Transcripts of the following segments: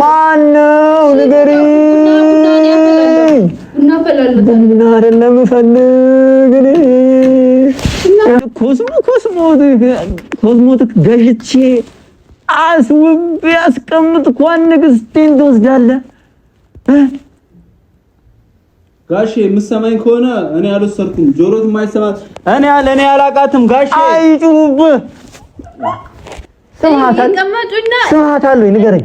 ማነው ንገሪ። ቡና አይደለም እፈልግ እኔ ኮስሞ ኮስሞቲክ ገዝቼ አስውቤ ያስቀምጥኳን ንግስቴን ትወስዳለህ። የምትሰማኝ ከሆነ እኔ አልወሰድኩም። ጆሮት የማይሰማ እኔ አለ እኔ አላቃትም። ጋሼ አይጩብህ ስማታል ስማታል ንገረኝ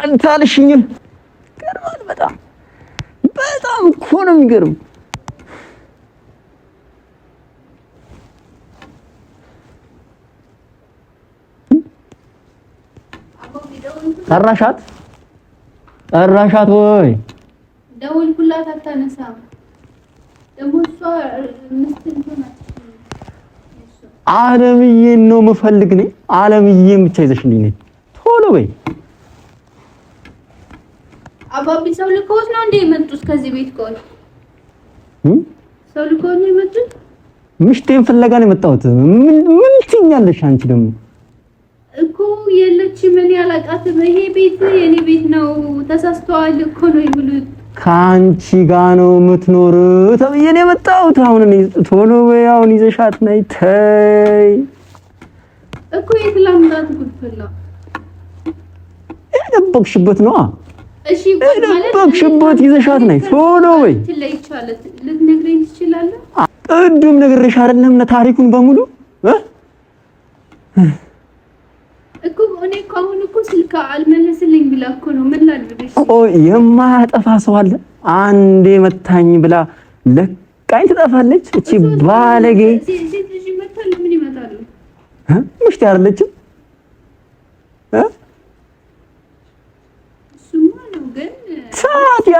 አንተ አልሽኝም። ገርማል። በጣም በጣም እኮ ነው የሚገርም። ጠራሻት ጠራሻት ወይ ደወልኩላት፣ አታነሳም። አለምዬን ነው የምፈልግ ነኝ። አለምዬን ብቻ ይዘሽልኝ ነኝ። ቶሎ በይ አባቢ ሰው ልኮት ነው እንዴ የመጡት? ከዚህ ቤት ቆይ ሰው ነው የመጡት። ምሽቴን ፍለጋ ነው የመጣሁት። ምን ምን ትኛለሽ አንቺ ደግሞ እኮ የለች። ምን አላውቃትም። ይሄ ቤት የኔ ቤት ነው፣ ተሳስተዋል እኮ ነው የሚሉት። ከአንቺ ጋር ነው የምትኖረው ተብዬ ነው የመጣሁት። አሁን እኔ ቶሎ በይ፣ አሁን ይዘሻት ነይ። ተይ እኮ የት ላምጣት? ጉድ ፈላ። የደበቅሽበት ነዋ ሽቦት ይዘሻት ነይ ቶሎ በይ። ቅድም ነግሬሽ አይደለም ታሪኩን በሙሉ ቆይ የማያጠፋ ሰው አለ? አንዴ መታኝ ብላ ለቃኝ ትጠፋለች። እቺ ባለጌ ምሽት ታዲያ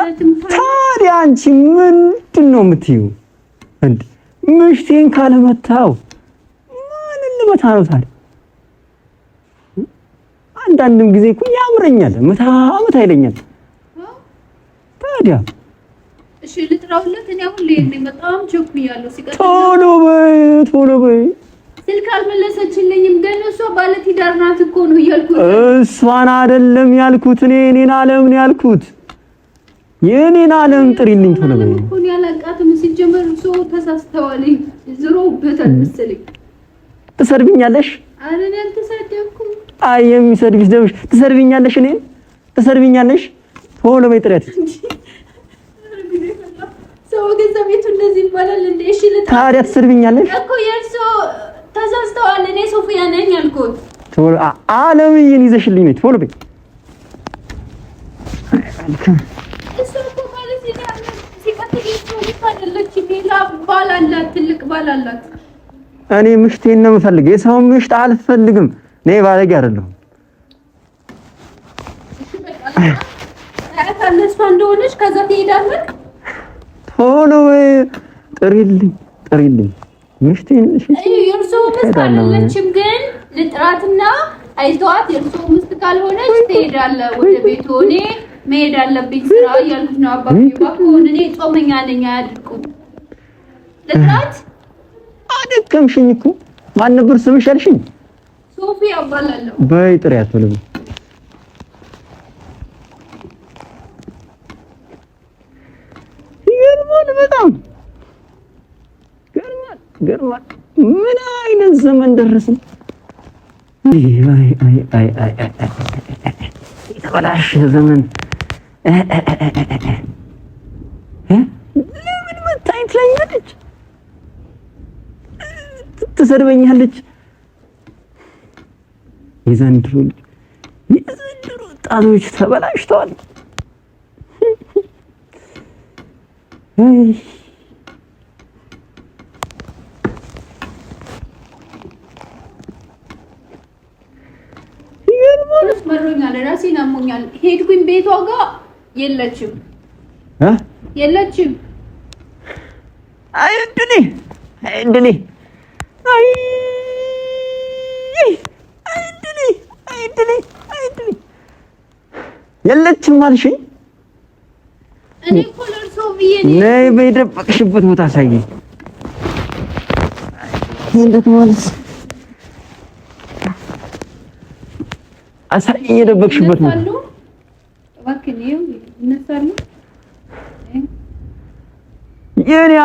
ታዲያ አንቺ ምንድን ነው የምትይው? እንዴ ምሽቴን ካለመታው ማን ልመታ ነው ታዲያ? አንዳንድም ጊዜ እኮ ያምረኛል፣ ይለኛል። ታዲያ ቶሎ በይ ቶሎ በይ ስልክ አልመለሰችልኝም። ግን እሷ ባለትዳር ናት እኮ ነው እያልኩት። እሷን አይደለም ያልኩት እኔ እኔን አለምን ያልኩት የኔን ዓለም ጥሪልኝ ሆነ በይ ሁን ያላቃተም ሲጀመር ሰው ተሳስተዋል። ዝሮበታል መሰለኝ። ትሰርብኛለሽ። አረ እኔ አልተሳደብኩም። አይ የሚሰድብሽ ደምሽ ትሰርብኛለሽ። እኔ ትሰርብኛለሽ። ሆነ በይ ጥረት ሰው ገዛ ቤቱ እንደዚህ ይባላል እንዴ? እሺ ልታ ታዲያ ትሰርብኛለሽ እኮ የእርሶ ተሳስተዋል። እኔ ሶፊያ ነኝ አልኩት። ቶሎ ዓለምዬን ይዘሽልኝ ነው ቶሎ በይ እኔ ምሽቴን ነው የምፈልግ። የሰውን ምሽት አልፈልግም። እኔ ባለጌ አይደለሁም። ቶሎ ጥሪልኝ፣ ጥሪልኝ ምሽቴን ግን ልጥራትና አይተዋት የእርስዎ ምስት ካልሆነች ትሄዳለህ ወደ ቤት ሆኔ መሄድ አለብኝ ስራ እያልኩት ነው። አባቢ እባክዎን፣ እኔ ጾመኛ ነኝ አያድርጉም። ልስራት አደቀምሽኝ እኮ ማን ነበር ስምሽ አልሽኝ? ሶፊ አባላለሁ። በይ ጥሪ አትበልም ይገርማል። በጣም ገርማል፣ ገርማል። ምን አይነት ዘመን ደረስን? አይ አይ አይ አይ አይ የተበላሸ ዘመን ለምን መታኝ ትለኛለች፣ ትሰድበኛለች። የዘንድሮ የዘንድሮ ወጣቶች ተበላሽተዋል። ይገርማል። ራሴን አሞኛል ሄድኩኝ ቤቷ ጋር የለችም እ የለችም አይ እንድኔ እንድኔ አይ እንድኔ እንድኔ እንድኔ የለችም አልሽኝ። እኔ እኮ ብዬ ነው። ነይ ቦታ አሳየኝ። እንዴት ማለት የደበቅሽበት ቦታ የኔ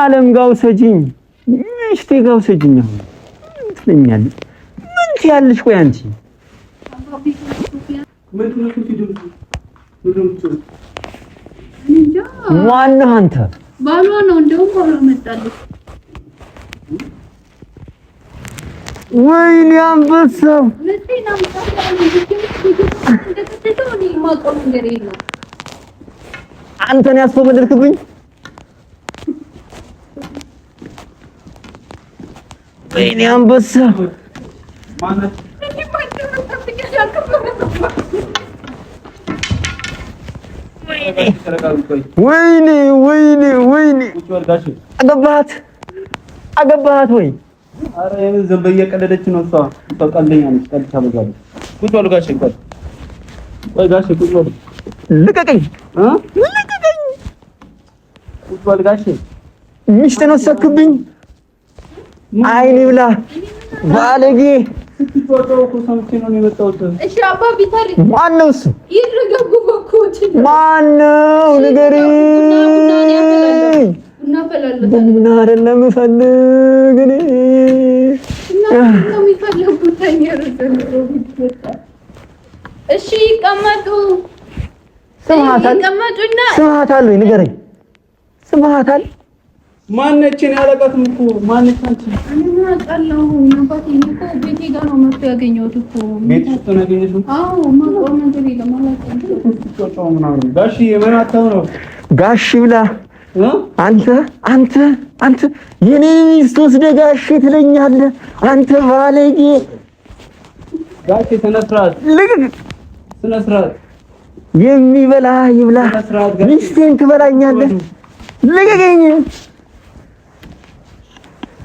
ዓለም ጋው ሰጂኝ ምሽቴ ጋው ሰጂኝ አሁን ምን ትያለሽ? ቆይ አንቺ አንተ? ባሏ ነው። እንደውም ባሏ መጣለች። ወይኔ አንበሳው አንተን ያስወለድክብኝ ወይኔ አንበሳ ወይኔ ወይኔ ወይኔ አገባሃት አገባሃት ወይ ኧረ ዝም ብዬ ቀለደች ነው እሷ እሷ ቀልደኛ ነች ቀልድ ታበዛለች ቁጭ በሉ ጋሼ ቆይ ጋሼ ቁጭ በሉ ልቀቀኝ ሚስቴን ወሰክብኝ። አይኔ ብላ ባለጌ ማነው? እሱ ማነው? ንገሪኝ። ቡና አይደለም እፈልግ እኔ ስማታለሁ። ንገረኝ አቅማታል። ማነችን ያለቃትም እኮ ማነች? አንቺ ጋር ነው መጥቶ ነው ብላ አንተ አንተ አንተ የኔ ሚስት ወስደህ ጋሽ ትለኛለህ አንተ ባለጌ። ጋሽ ስነ ስርዓት ልቅቅ፣ ስነ ስርዓት የሚበላ ይብላ፣ ሚስቴን ትበላኛለህ ልቀቀኝ።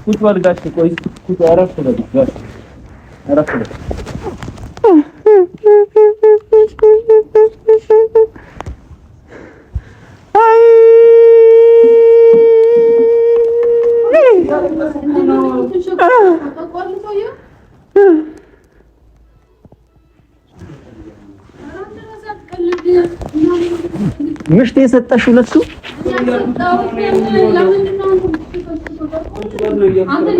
ቁጭ በል ጋሽ፣ ቆይ ቁጭ አረፍ በል ጋሽ፣ አረፍ በል ምሽት የሰጠሽው ለሱ የሆነ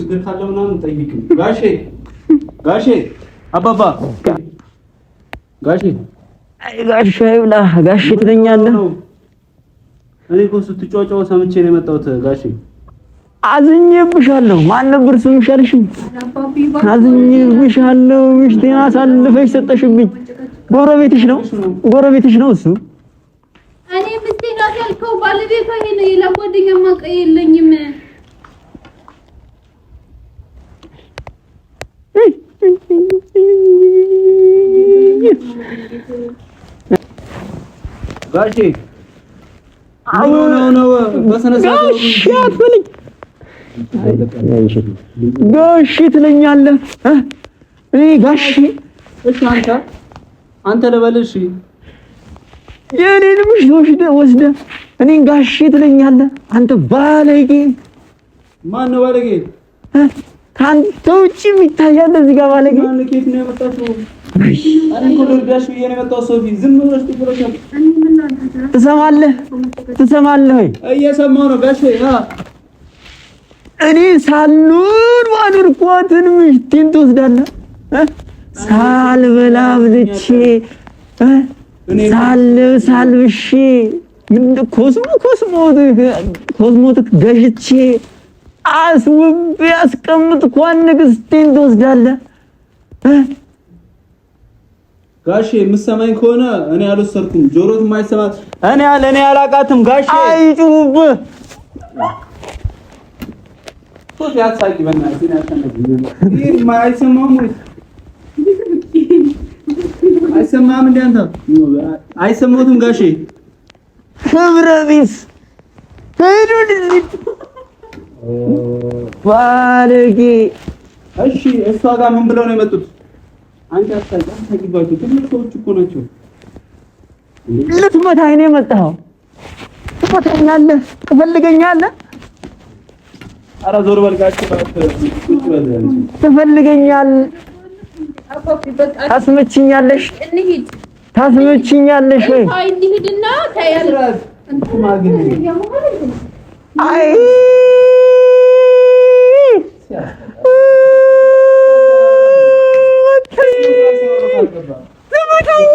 ችግር ካለ ምናምን ጋሽ ጋሼ ጋሼ አባባ ጋሼ አይ ጋሽ ይብላ ጋሽ ትለኛለህ። እኔ እኮ ስትጫጫው ሰምቼ ነው የመጣሁት ጋሼ አዝኜብሻለሁ። ማንም ብር ስምሽ አልሽኝ። አዝኜብሻለሁ። ምሽቴን አሳልፈሽ ሰጠሽብኝ። ጎረቤትሽ ነው፣ ጎረቤትሽ ነው እሱ። እኔ ምስቴ ናት ያልከው ባለቤቷ ይሄ ነው። ሌላ ጓደኛ ማቀይ የለኝም። ጋሼ አሁን ነው ነው በሰነሰ ጋሼ አትበልኝ ጋሼ ትለኛለህ። እኔ ጋሼ አንተ አንተ ልበልሽ የእኔን ምሽት ወስደ ወስደ እኔን ጋሼ ትለኛለህ። አንተ ባለጌ! ማን ነው ባለጌ? ከአንተ ውጭ የሚታያለ እዚህ ጋር ባለጌ ትሰማለህ? ትሰማለህ ወይ? እየሰማሁ ነው ጋሼ እኔ ሳልኖር ባደርኳትን ምሽቴን ትወስዳለህ። ሳልበላ ብልቼ ሳልለብስ ምን ኮስሞ ኮስሞ ኮስሞቲክ ገዝቼ አስውቤ ያስቀምጥኳን ንግስቴን ትወስዳለህ። ጋሼ የምትሰማኝ ከሆነ እኔ አልወሰድኩም። ጆሮት የማይሰማ እኔ አለ እኔ ያላቃትም ጋሼ አይጩህብህ አይሰማም እንደ አንተ አይሰማሁትም። ጋሼ ክብረ ቢስ ባለጌ። እሺ እሷ ጋር ምን ብለው ነው የመጡት? አንተ አታውቅም። ታግባችሁ ትልቅ ሰዎች እኮ ናቸው። ልትመታኝ ነው የመጣኸው? ትመታኛለህ? ትፈልገኛለህ? ኧረ ዞር በልጋችሁ ትፈልገኛል ታስመችኛለሽ ታስመችኛለሽ ወይ አይ ትመታኛ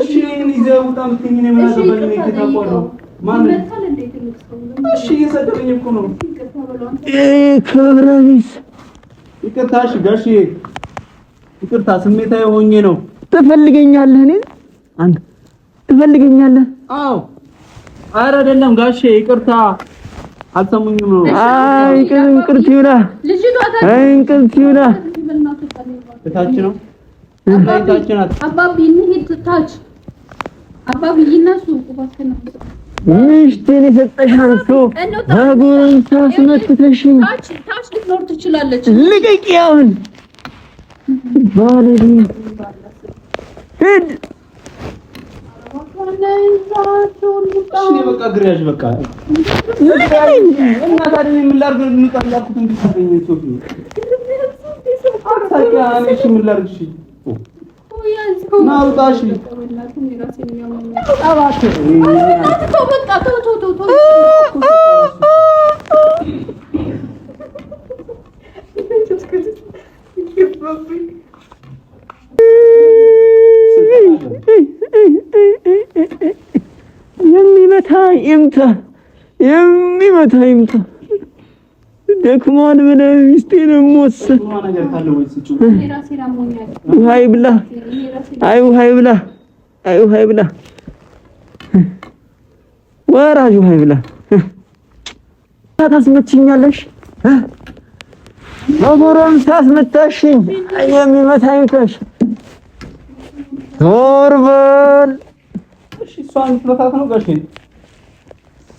እሺ እኔን ይዘህ ውጣ የምትይኝ እኔ ነው እሺ እኮ ነው። ይቅርታ እሺ ይቅርታ ስሜታዊ ሆኜ ነው። ትፈልገኛለህ? እኔ አንተ ትፈልገኛለህ? አዎ። ኧረ አይደለም ጋሼ፣ ይቅርታ አልሰሙኝም ነው። አይ እንቅርት ይውላ፣ አይ እንቅርት ይውላ። ታች ነው አባቢ እንሂድ ታች ሚስቴን የሰጠሽ አንሶ ባጎን ታስመትተሽኝ ልቀቂ! አሁን ባለዲ ሂድ። ናውጣሽ እባክህ የሚመታ ይምታ፣ የሚመታ ይምታ። ደክሟል ብለህ ሚስቴን ሞሰ ውሃ ብላ አይ ውሃ ይብላ። አይ ውሃ ይብላ። ወራጅ ውሃ ይብላ። ታስመችኛለሽ። ሞቶሮን ታስመታሽኝ። ዞር በል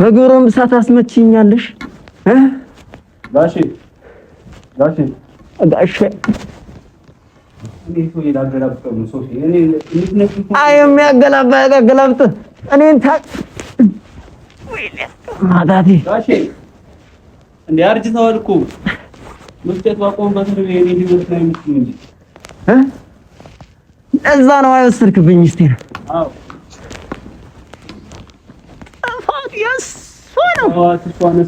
በግብረም ሳት አስመችኛለሽ እ ጋሼ ጋሼ ጋሼ እኔን ታ እንደ አርጅተዋል እኮ መስጠት ባቆምበት ነው የኔ ህይወት እዛ ነው አይወሰድክብኝ እስቲ ነው የእሷ አሁን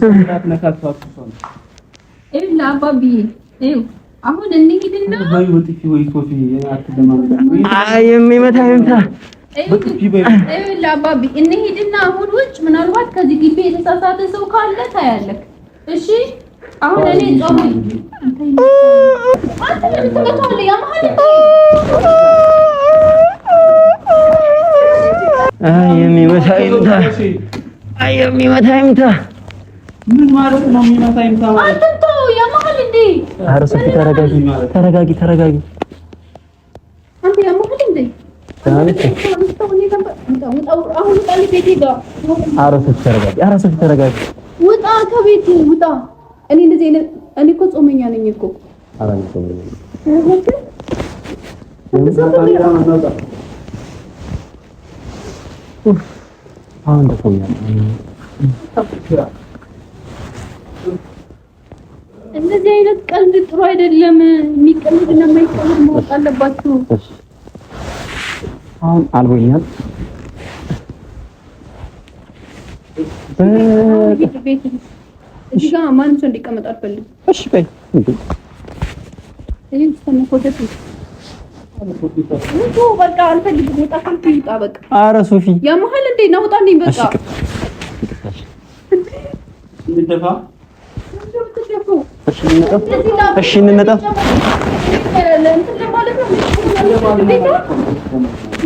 ውጭ ምናልባት ከዚህ ግቢ የተሳሳተ ሰው ካለ ታያለህ። እሺ አሁን እኔ ጾም አንተ አይ የሚመታ ይምታ። ምን ማለት ነው? የሚመታ ይምታ ማለት አትተው፣ ያማል እንዴ? ኧረ ሶፊ ተረጋጊ፣ ተረጋጊ፣ ተረጋጊ። አንተ ያማል እንዴ? ውጣ ከቤት ውጣ። እኔ እንደዚህ እኔ እኮ ጾመኛ ነኝ እኮ አሁን ተቆያለ እንደዚህ አይነት ቀልድ ጥሩ አይደለም። የሚቀልድ እና የማይቀልድ ማወቅ አለባችሁ። አሁን አልቦኛል። ማንም ሰው እንዲቀመጥ አልፈልግም። እሺ በይ በቃ አልፈልግም። ወጣ ካልኩ ይውጣ። በቃ ኧረ ሶፊ ያመሀል እንዴ ነው? ውጣ እንዴ! በቃ እሺ፣ እንነጣ።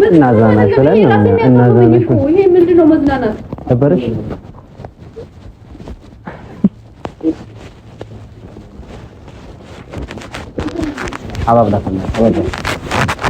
እናዝናናሽ ብለን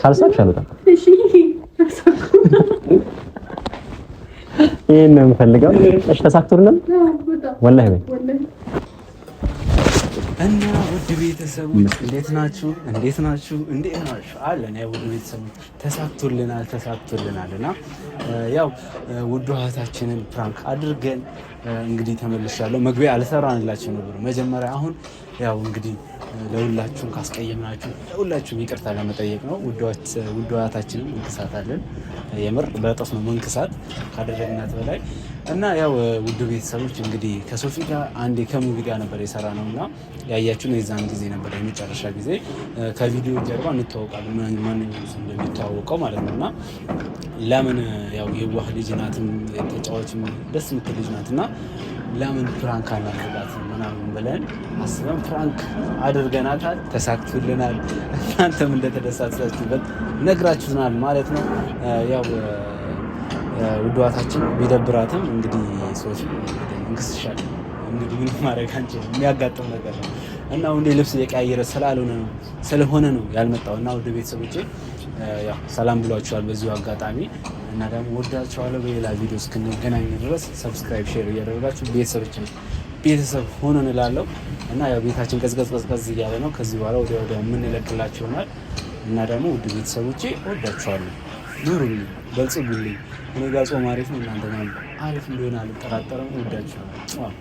ካልሳቅሽ አልወጣም። ይሄን ነው የምፈልገው። እሺ ተሳክቶልናል። ወላሂ በይ እና ውድ ቤተሰቦች እንዴት ናችሁ? እንዴት ናችሁ? እንዴት ናችሁ? አለን። ያው ውድ ቤተሰቦች ተሳክቶልናል፣ ተሳክቶልናል እና ያው ውድ ፕራንክ አድርገን እንግዲህ ተመልሻለሁ። መግቢያ አልሰራንላችሁ ነበር መጀመሪያ። አሁን ያው እንግዲህ ለሁላችሁም ካስቀየምናችሁ ለሁላችሁም ይቅርታ ለመጠየቅ ነው። ውድዋታችንም እንክሳታለን። የምር በጠፍ ነው መንክሳት ካደረግናት በላይ እና ያው ውድ ቤተሰቦች እንግዲህ ከሶፊ ጋር አንዴ ከሙቪ ጋር ነበር የሰራ ነው እና ያያችሁ ነው። የዛን ጊዜ ነበር የመጨረሻ ጊዜ። ከቪዲዮ ጀርባ እንተዋወቃለን ማንኛውም ሰው እንደሚተዋወቀው ማለት ነው እና ለምን ያው የዋህ ልጅ ናትም ተጫዋችም ደስ የምትል ልጅ ናት እና ለምን ፕራንክ አናደርጋትም ምናምን ብለን አስበን ፍራንክ አድርገናታል፣ ተሳክቶልናል። እናንተም እንደተደሳሳችሁበት ነግራችሁናል ማለት ነው። ያው ውድዋታችን ቢደብራትም እንግዲህ ሰዎች እንክስሻል እንግዲህ ምን ማድረግ አንችልም፣ የሚያጋጥም ነገር ነው እና ሁሌ ልብስ እየቀያየረ ስላልሆነ ነው ስለሆነ ነው ያልመጣው እና ወደ ቤተሰቦቼ ሰላም ብሏችኋል በዚሁ አጋጣሚ እና ደግሞ ወዳችኋለሁ። በሌላ ቪዲዮ እስክንገናኝ ድረስ ሰብስክራይብ፣ ሼር እያደረጋችሁ ቤተሰቦች ነው ቤተሰብ ሆነን እላለሁ እና ያው ቤታችን ቀዝቀዝ ቀዝቀዝ እያለ ነው። ከዚህ በኋላ ወደ ወደ የምንለቅላችሁ ይሆናል እና ደግሞ ውድ ቤተሰቦቼ እወዳችኋለሁ። ኑሩልኝ፣ በልጽጉልኝ። እኔ ጋር ጾም አሪፍ ነው። እናንተ አሪፍ እንደሆነ አልጠራጠርም። እወዳችኋለሁ።